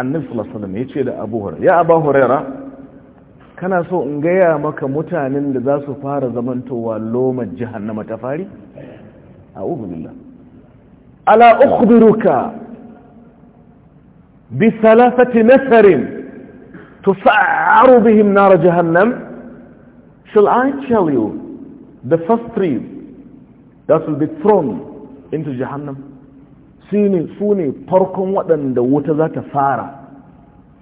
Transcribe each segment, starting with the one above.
annabi sallallahu alaihi wasallam yace da Abu Hurairah ya Abu Hurairah kana so in gaya maka mutanen da za su fara zamantowa lomar jihannama ta fari a'udhu billah ala ukhbiruka bi salafati nasarin tusa'aru bihim nar jahannam shall i tell you the first three that will be thrown into jahannam shine su ne farkon waɗanda wuta za ta fara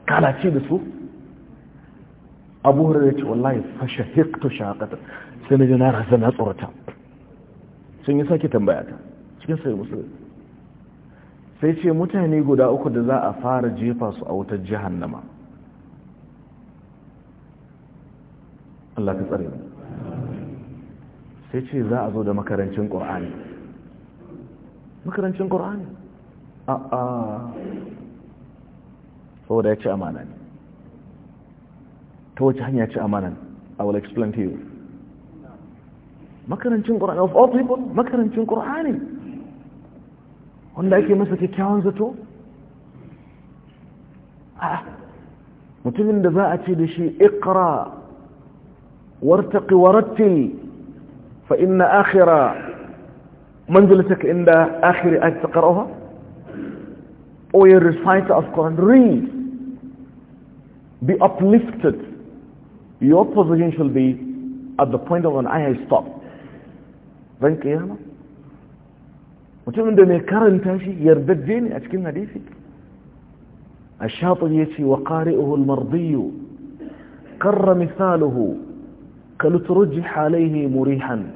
kalace da su abu hurairu ce wallahi fashe hekto shaƙatar sai na ji na rasa na tsorata sun yi sake tambaya ta cikin sai musu sai ce mutane guda uku da za a fara jefa su a wutar jihannama Allah ka tsare sai ce za a zo da makarancin ƙor'ani makarancin ƙorani a a saboda ya ci amana ne ta wace hanya ci amana i will explain to you makarancin ƙorani of all people makarancin ƙorani wanda ake masa kyakkyawan zato mutumin da za a ce da shi ikra wartaki warattil fa inna akhira منزلتك عند آخر آية تقرأها or you recite of Quran read be uplifted your position shall be at the point of an ayah stop ذن قيامة وتم عندما يكرن تاشي يردد جيني أتكلم حديثي الشاطئ يتي وقارئه المرضي قر مثاله كلترجح عليه مريحا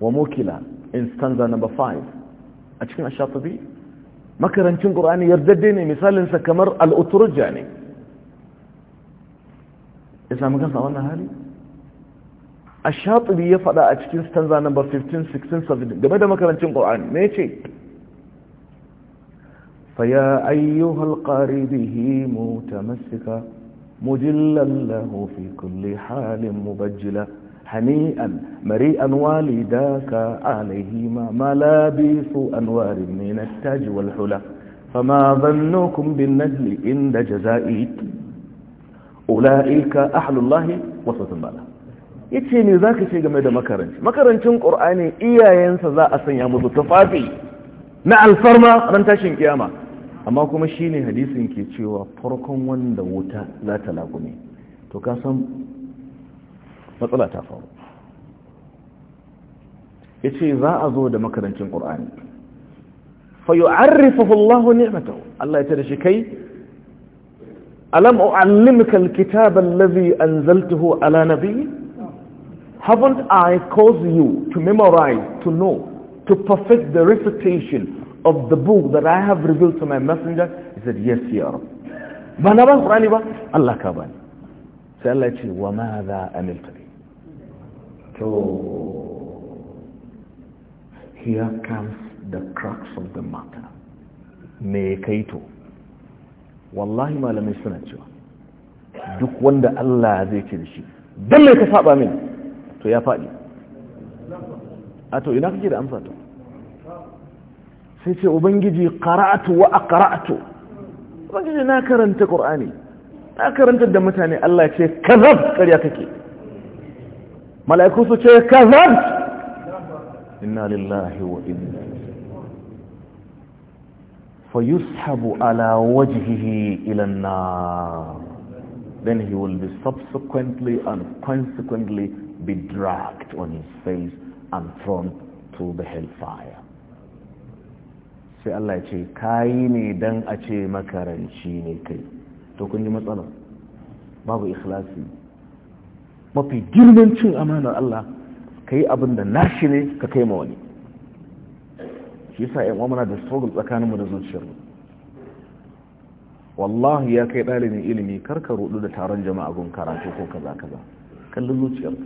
وموكلا in stanza number 5 a cikin ash-shatibi makarancin qur'ani yardadde ne sa kamar al-uturja ne mun kasa wannan hali ash-shatibi ya fada a cikin stanza number 15 16 17 game da makarancin qur'ani me yace ya ayyuha al-qaribihi mutamassika mujillan lahu fi kulli halin مبجلا هنيئا مريئا alaihi عليهما ملابيس أنوار من التاج والحلى فما ظنكم بالنجل عند inda أولئك أحل الله وسط المالا yace ne zaka ce game da makaranci makarancin qur'ani iyayensa za a sanya musu tufafi na alfarma ran tashin kiyama amma kuma shine hadisin ke cewa farkon wanda wuta za ta lagume to ka san matsala ta faru ya za a zo da makarancin ƙur'ani fayo an rifafi Allah Allah ya ce shi kai alam u'allimka alkitaba allazi anzaltahu ala nabi haven't i caused you to memorize to know to perfect the recitation of the book that i have revealed to my messenger he said yes ya rab ba na ba qur'ani ba Allah ka bani sai Allah ya ce wa madha amiltani So, here comes the crux of the matter. Me kaito. Wallahi malamai suna cewa, duk wanda Allah zai ce da shi, don mai ka saba min, to ya faɗi. A to, ina kake da amsa to? Sai ce, Ubangiji, karatu wa a karatu. Ubangiji na karanta Ƙur'ani, na karanta da mutane Allah ce, kazab karya kake. mala'iku su ce kazab inna lillahi wa inna fa yushabu ala wajhihi ila an-nar then he will be subsequently and consequently be dragged on his face and thrown to the hellfire sai Allah ce kayi ne dan a ce makaranci ne kai to kun ji matsala babu ikhlasi mafi girman cin amanar Allah ka yi abin da nashi ne ka kai ma wani shi sa yan muna da sogul tsakaninmu da zuciyar wallahi ya kai ɗalibin ilimi karka rudu da taron jama'a gun karatu ko kaza kaza kallon zuciyarka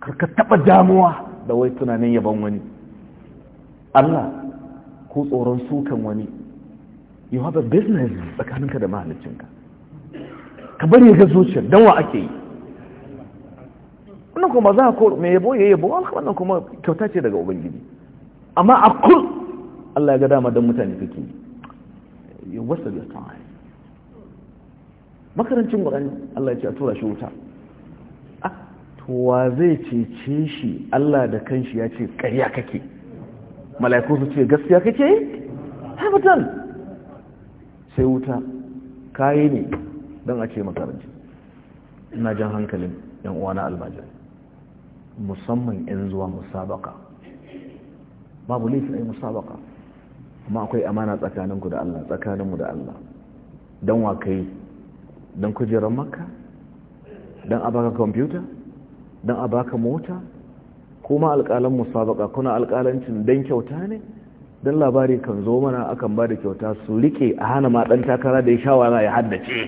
karka taɓa damuwa da wai tunanin yaban wani Allah ko tsoron sukan wani you have a business tsakaninka da mahaliccinka ka bari ga zuciyar don wa ake yi wannan kuma za ko mai yabo ya yabo wannan kuma kyauta ce daga ubangiji amma a kul Allah ya ga dama don mutane kake you da ta time makarancin ƙurani Allah ya ce a tura shi wuta a ah, towa zai cece shi Allah da kanshi ya ce ƙarya kake mala'iku su ce gaskiya kake hamilton sai wuta kayi ne don a ce makarancin ina jan hankalin yan uwa na musamman 'yan zuwa musabaka babu laifin ai musabaka amma akwai amana tsakaninku da Allah tsakaninmu da Allah Dan wa kai don kujerar makka don a computer dan don mota kuma alƙalan musabaka kuna alƙalancin dan kyauta ne dan labari kan zo mana akan ba da kyauta su rike a hana ma ɗan takara da ya shawara ya haddace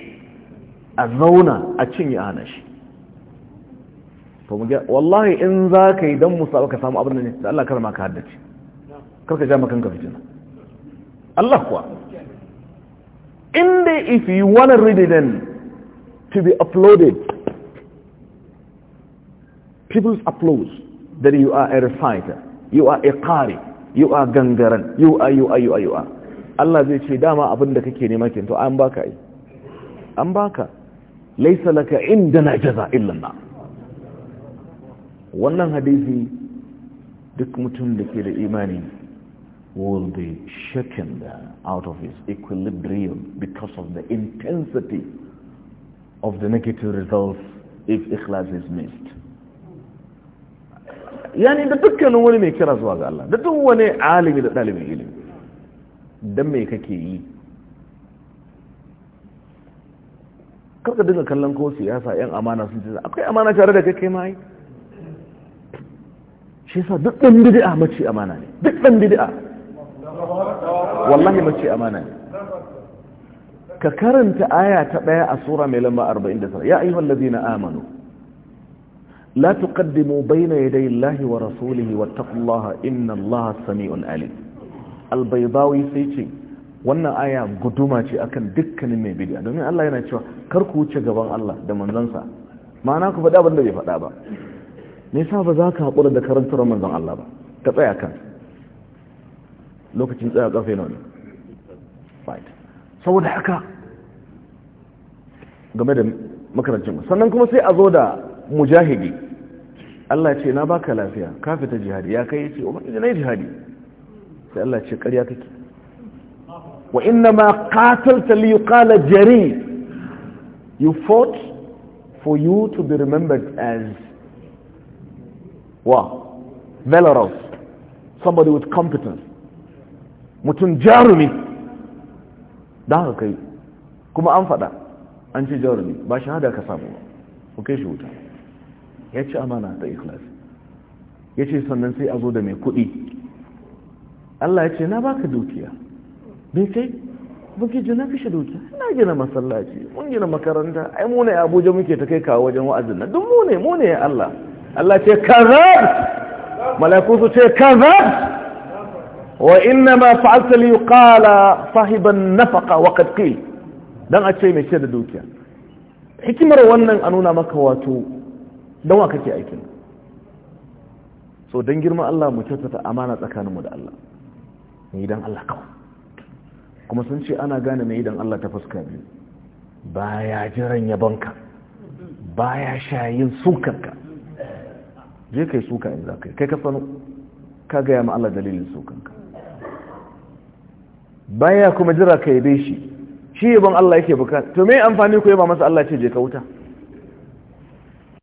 a zauna a cinye hana shi to mu wallahi in za ka yi don musa ka samu abin da ne da Allah kar ma ka haddace kar ka ja makan ka fitina Allah kuwa in dai if you want to read it then to be uploaded people's applause that you are a reciter you are a qari you are gangaran you are you are you are you are Allah zai ce dama abin da kake nema kin to an baka yi an baka laysa laka indana jaza illa wannan hadisi duk mutum da ke da imani will be shaken out of his equilibrium because of the intensity of the negative results if ikhlas is missed yani da dukkanin wani mai kira zuwa ga Allah da duk wani alimi da dalibin ilimi dan me kake yi karka dinga kallon ko siyasa yan amana sun ce akwai amana tare da kake mai shi yasa duk ɗan bid'a mace amana ne duk ɗan bid'a wallahi mace amana ne ka karanta aya ta ɗaya a sura mai lamba 49 ya ayyuhal ladina amanu la tuqaddimu bayna yaday Allahi wa rasulihi wattaqullaha inna Allaha sami'un alim albaydawi sai ce wannan aya guduma ce akan dukkanin mai bid'a domin Allah yana cewa kar ku wuce gaban Allah da manzansa ma'ana ku faɗa abin da bai faɗa ba ne sa ba za ka haƙura da karantar manzon Allah ba ka tsaya kan lokacin tsaya ƙarfe na wani saboda haka game da makarancin sannan kuma sai a zo da mujahidi Allah ce na baka lafiya ka fita jihadi ya kai ce umar ina jihadi sai Allah ce ƙarya kake wa inna ma qatalta li yuqala jari you fought for you to be remembered as wa Valorous. somebody with competence mutum jarumi da haka kai kuma an fada an ce jarumi ba shahada ka samu ba ku kai shi wuta ya ci amana ta ikhlas ya ce sannan sai a zo da mai kuɗi Allah ya ce na baka dukiya bai kai muke jina kashe dukiya na gina masallaci mun gina makaranta ai mu ne abuja muke ta kai kawo wajen wa'azin na duk mu ne mu ne Allah Allah ce kazab malaku su ce kazab wa inna ma fa'alta li yuqala sahiban nafaqa wa qad qil dan a ce mai ce da dukiya hikimar wannan a nuna maka wato dan wa kake aikin so dan girman Allah mu kyautata amana tsakaninmu da Allah ni dan Allah kawai kuma sun ce ana gane mai idan Allah ta fuska biyu baya jiran yabonka baya shayin sukarka je kai suka in za ka yi kai ka sanu ka gaya ma Allah dalilin sukanka baya kuma jira ka yabe shi shi yaban Allah yake bukata to me amfani ku yaba masa Allah ce je ka wuta